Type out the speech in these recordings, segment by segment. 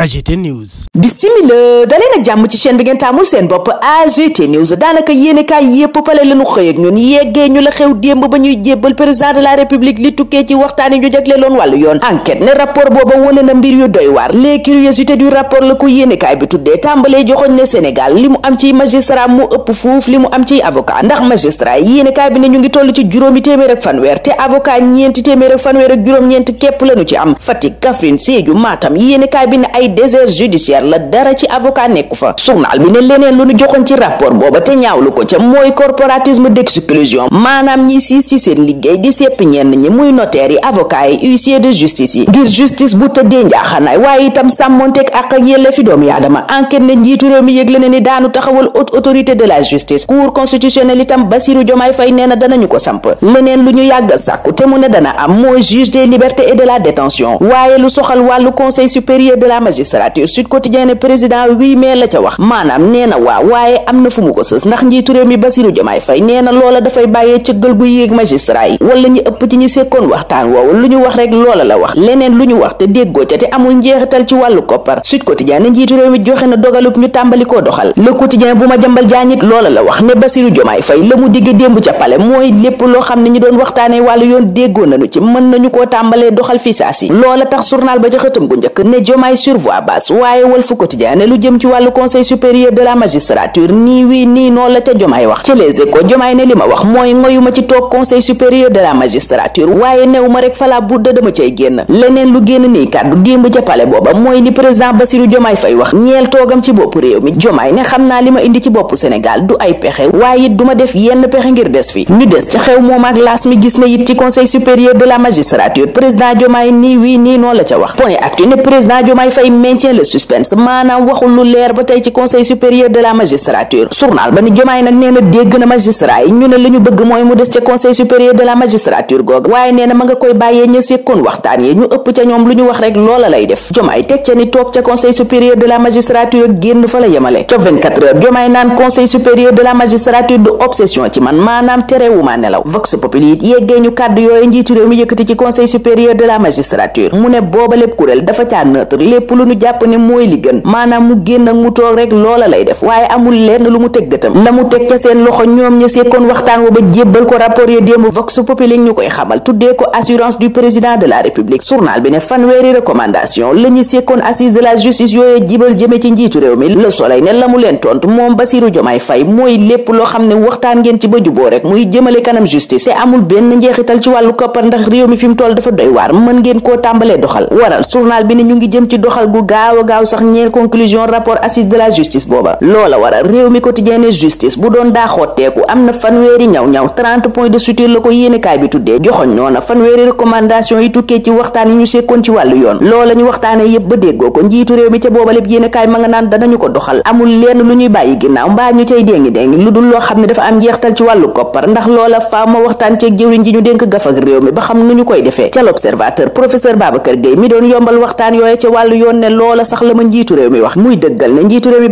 AGT News. bisimila daleen ak jàmm ci chaîne bi ngeen taamul seen bopp AGT News daanaka yéenekaay yépp pale lañu xëy ak ñun yeggee ñu la xew démb ba ñuy jébbal président de la république li tukkee ci waxtaan yi ñu jagleeloon wàllu yoon enquête ne rapport booba wane na mbir yu doy waar les curiosités du rapport la ko yéenekaay bi tuddee tàmbalee joxoñ ne Sénégal li mu am ciy magistrat mu ëpp fuuf li mu am ciy avocat ndax magistrat yéenekaay bi ne ñu ngi toll ci juróomi téeméer ak fanweer te avocat ñeenti téeméer ak fanweer ak juróom-ñeent képp lañu ci am Fatick désert judiciaire la dara ci avocat nekku fa journal bi ne leneen lu ñu joxoon ci rapport booba te ñaawlu ko ca mooy corporatisme d'exclusion maanaam ñi siis ci seen liggéey di sepp ñenn ñi muy notaire yi avocat yi huissier de justice yi ngir justice bu tëddee njaaxanaay waaye itam sàmmonteeg ak ak yelle fi doomu yaadama enquête ne njiitu mi yëgle ne ni daanu taxawal autorité de la justice cour constitutionnelle itam Bassirou Diomaye Faye nee na danañu ñu yàgg sàkku te mu ne dana am la détention waaye lu soxal magistrature Sud Quotidien ne président huit mai la ca wax maanaam nee na waaw waaye am na fu mu ko sës ndax njiitu réew mi Basiru Jomaay Fay nee na loola dafay bàyyee cëggal gu yéeg magistrat yi ñu ëpp ci ñi sekkoon waxtaan woowu lu ñu wax rek loola la wax leneen lu ñu wax te déggoo ca te amul njeexital ci wàllu koppar Sud Quotidien ne njiitu réew joxe na dogalub ñu tàmbali doxal Le Quotidien bu ma jambal jaanit loola la wax ne Basiru Jomaay Fay la mu Abou Abbas waaye Walf Quotidien ne lu jëm ci wàllu conseil supérieur de la magistrature nii wii nii noonu la ca jomaay wax ci les échos jomaay ne li ma wax mooy ngoyuma ci toog conseil supérieur de la magistrature waaye new ma pale booba mooy li président Bassirou Jomaay Fay wax ñeel toogam ci bopp réew mi xam naa li ma indi ci bopp Sénégal du ay pexe waaye it duma def yenn pexe ngir des fi ñu des ci xew moom ak laas gis na it ci conseil supérieur de la magistrature président jomaay nii wii nii la ca point actu ne président jomaay fay maintient le suspense maanaam waxul lu leer ba tey ci conseil supérieur de la magistrature journal ba ni jomaay nag nee dégg na magistrat yi waaye nee ma nga koy bàyyee ña sekkoon waxtaan yi ñu ëpp ca ñoom lu ñu wax rek loola lay def jomaay teg ca ni toog ca conseil supérieur de la magistrature génn fa la yemale ca jomaay naan conseil supérieur de la magistrature de obsession ci man maanaam terewuma nelaw vox populi it yeggee ñu kàddu nu jàpp ne mooy li gën maanaam mu génn ak mu toog rek loola lay def waaye amul lenn lu mu teg gëtam la mu teg ca seen loxo ñoom ña sekkoon waxtaan wa ba jébbal ko rapport ya démb vox populi ñu koy xamal tuddee ko ne fanweeri recommandation assise de la justice yooyee jibal jëme ci njiitu réew mi Le Soleil la mu leen tontu moom Bassirou Diomaye Faye mooy lépp loo xam ne waxtaan ngeen ci ba juboo rek muy jëmale kanam justice te amul benn njeexital ci wàllu koppar ndax réew mi fi mu toll dafa doy waar mën ngeen koo tàmbalee doxal waral gu gaaw gaaw sax ñeel conclusion rapport assise de la justice booba loola waral réew mi quotidien justice bu doon daa xotteeku am na fanweeri ñaw-ñaw 30 points de suture la ko yéenekaay bi tuddee joxoñ noona fanweeri recommandation yi tukkee ci waxtaan yi ñu sekkoon ci wàllu yoon loola ñu waxtaane yépp ba déggoo ko njiitu réew mi ca booba lépp yéenekaay ma nga naan danañu ko doxal amul lenn lu ñuy bàyyi ginnaaw mbaa ñu cay déngi déngi lu dul ne loola sax la ma njiitu réew mi wax muy dëggal ne njiitu réew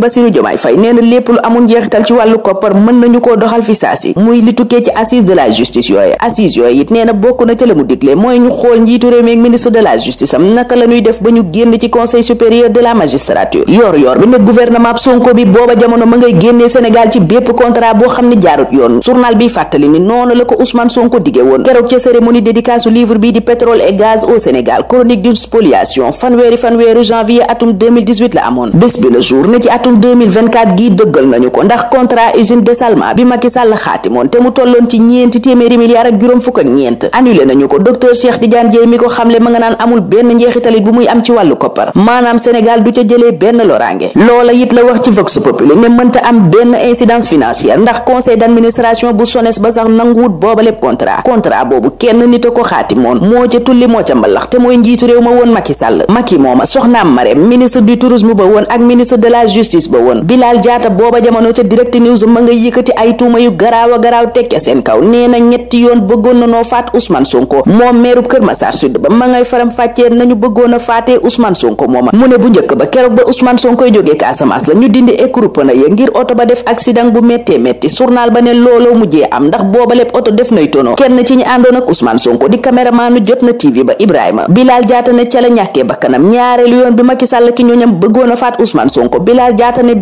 lépp lu amul njeexital ci wàllu koppar mën nañu koo doxal fi saasi muy li tukkee ci assise de la justice yooye assise yooye it nee bokk na ca la mu mooy ñu xool njiitu réew mi ministre de la justice am naka la ñuy def ba ñu génn ci conseil supérieur de la magistrature yoor yoor bi ne gouvernement Sonko bi booba jamono ma ngay génnee Sénégal ci bépp contrat boo xam ne jaarut yoon journal bi fàttali ni noonu la ko Ousmane Sonko janvier atum la amoon bés bi le jour ne ci atum 2024 dëggal nañu ko ndax contrat usine dessalement bi Macky Sall xaatimoon te mu tolloon ci ñeenti téeméeri milliards ak juróom fukk ak ñeent annulé nañu ko docteur Cheikh Tidiane Dièye mi ko xamle ma nga naan amul benn njeexitalit bu muy am ci wàllu koppar maanaam Sénégal du ca jëlee benn loraange loola it la wax ci Vox Populi ne mënta am benn incidence financière ndax conseil d'administration bu SONES ba sax Birahim Marème ministre du tourisme ba woon ak ministre de la justice ba woon Bilal Diatta booba jamono ca direct news ma nga yëkkati ay tuuma yu garaaw a garaaw tekke seen kaw nee na ñetti yoon bëggoon na noo faat Ousmane Sonko moom a mu ne bu njëkk ba keroog ba Ousmane Sonkoy jógee Casamance la ñu dindi écroupana ya ngir oto ba def accident bu méttee métti journal ba ne looloo mujjee am ndax booba lépp oto def nay tono kenn ci ñi àndoon ak Ousmane Sonko bi Macky Sall ki ñooñam bëggoon faat Ousmane Sonko ko Bilal yemul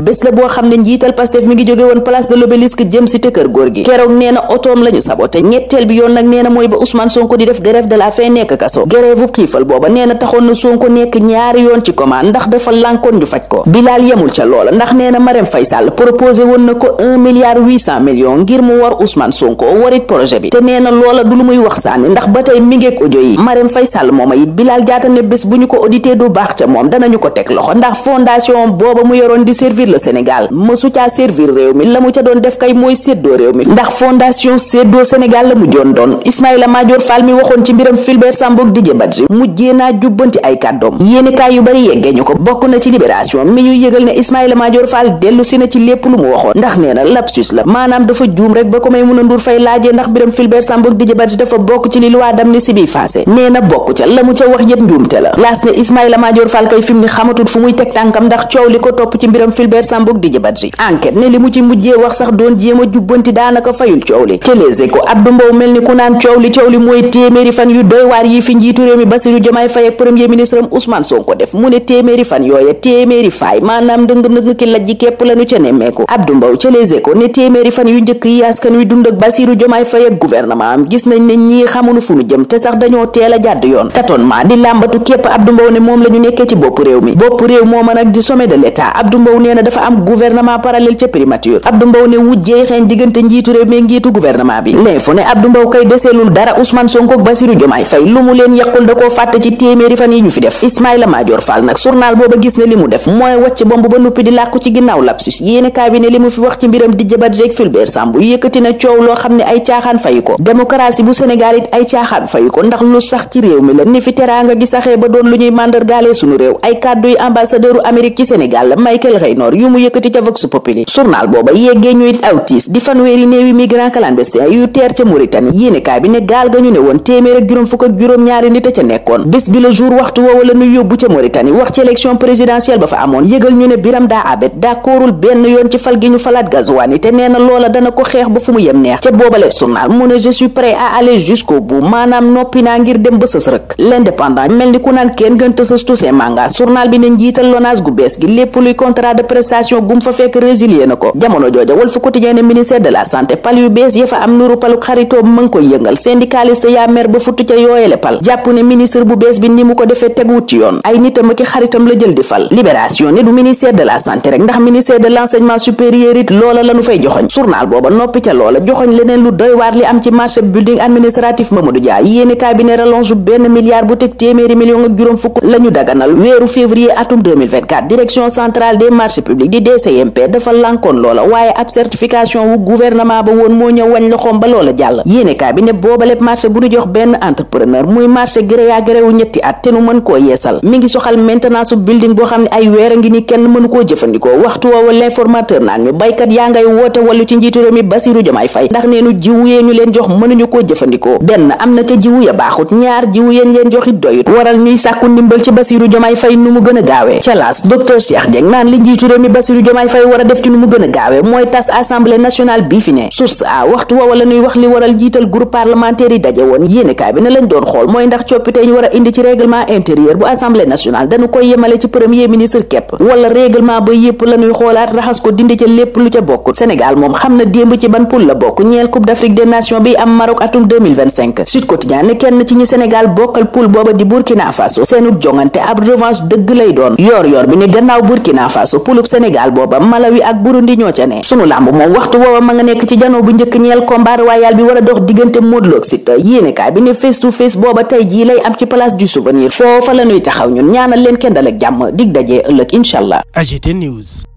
bés bu ñu ko audité du baax ca moom moom danañu ko teg loxo ndax fondation booba mu yoroon di servir le Sénégal mësu caa servir réew mi la mu ca doon def kay mooy séddoo réew mi ndax fondation séddoo Sénégal la mu joon doon Ismaïla Madior Fall mi waxoon ci mbiram Fulbert yu bari yeggee ko bokk na ci libération mi ñuy yëgal ne Ismaïla Madior Fall dellu si na ci lépp lu mu waxoon ndax nee na lapsus la maanaam dafa juum rek ba ko may mun a nduur fay laajee ndax mbiram Fulbert Sambou ak Didier Badji dafa bokk ci li loi d'amnistie bi passé nee na bokk ca la mu ca wax yépp njuumte la laas ne Ismaïla kay fi ni xamatul fu muy teg tànkam ndax coow li ko topp ci mbiram Fulbert Sambou Didier Badji enquête ne li mu ci mujjee wax sax doon jéem a jubbanti daanaka fayul coow li te Les Échos Abdou li coow li mooy téeméeri fan yu doy waar yi fi njiitu réew mi Bassirou Diomaye Faye ak premier ministre am Ousmane Sonko def mu ne téeméeri fan yooya téeméeri faay maanaam ndëng ndëng ki lajji képp lañu ca nemmeeku Abdou Mbow ca Les Échos ne téeméeri fan yu njëkk yi askan wi dund ak Bassirou Diomaye Faye ak gouvernement am gis nañ ne ñii xamuñu fu ñu jëm te sax dañoo teel a jàdd yoon tatoon ma di làmbatu képp Abdou Mbow ne moom lañu nekkee ci bopp réew mi bopp réew di sommet de l'état Abdou Mbow nee na dafa am gouvernement parallèle ca primature Abdou Mbow ne wujjee diggante njiitu réew mi njiitu gouvernement bi l'info ne Abdou Mbow kay deseelul dara Ousmane Sonko ak Bassirou Diomaye lu mu leen yàqul da koo fàtte ci téeméeri fan yi ñu fi def Ismaïla Madior Fall nag journal booba gis ne li mu def mooy wàcc bomb ba nuppi di làkku ci ginnaaw lapsus yéene kaay li mu fi wax ci mbiram Didier Badji ak ñaaw ay kàddu yu ambassadeuru Amérique ci Sénégal Michael Raynor yu mu yëkkati ca Vox Populi journal booba yeggee ñu it di fanweeri néewi migrant clandestin yu teer ca Mauritanie yéenekaay bi ne gaal ga ñu ne woon téeméer ak juróom fukk ak juróom-ñaari nit a ca nekkoon bés bi le jour waxtu woowa la yóbbu ca Mauritanie wax ci élection présidentielle ba fa amoon yëgal ñu ne Biram daa abet d'accordul benn yoon ci fal gi ñu falaat Gazouani te nee Songas journal bi ne njiital LONASE gu bees gi lépp luy contrat de prestation gum fa fekk résilier na ko jamono jooja Walf Quotidien ne ministère de la santé pal yu bees ya fa am nuru paluk xaritoo mu ngi yëngal syndicaliste yaa mer ba futtu ca yooyele pal jàpp ne ministre bu bees bi ni mu ko defee teguwut ci yoon ay nitam ak xaritam la jël di fal libération ne du ministère de la santé rek ndax ministère de l'enseignement supérieur it loola la nu weeru février atum 2024 direction centrale des marchés publics di DCMP dafa lànkoon loola waaye ab certification wu gouvernement ba woon moo ñëw wañ loxoom ba loola jàll yéenekaay bi ne boobaleb marché bu ñu jox benn entrepreneur muy marché gré à ñetti at te nu mën koo yeesal mi ngi soxal maintenance su building boo xam ne ay weer a ngi ni kenn mënu ko jëfandikoo waxtu woowa l'informateur naan mi baykat yaa ngay woote wallu ci njiitu réew mi Bassirou Diomaye Faye ndax neenu jiwu yee ñu leen jox mënuñu koo jëfandikoo benn am na ca jiwu ya baaxut ñaar jiwu yeen leen joxit doyut Diomaye Faye nu mu gën a gaawee ca laas docteur Cheikh naan li njiitu mi Bassirou Diomaye Faye war a def ci nu mu gën gaawee mooy tas assemblée nationale bii fi ne source a waxtu woowa la ñuy wax li waral jiital groupe parlementaire yi daje woon yéenekaay bi ne lañ doon xool mooy ndax coppite ñu war a indi ci règlement intérieur bu assemblée nationale dañu koy yemale ci premier ministre képp wala règlement ba yépp la xoolaat raxas ko dindi ca lépp lu ca chômage dëgg lay doon yoor yoor bi ni gannaaw burkina faso pulub sénégal booba malawi ak burundi ñoo ca ne sunu làmb moom waxtu woowa ma nga nekk ci janoo bu njëkk ñeel combat royal bi war a dox diggante Modou Lo yéenekaay bi ne face to face booba tey jii lay am ci place du souvenir foofa la taxaw ñun ñaanal leen kenn dal jàmm dig dajee ëllëg incha allah AGT News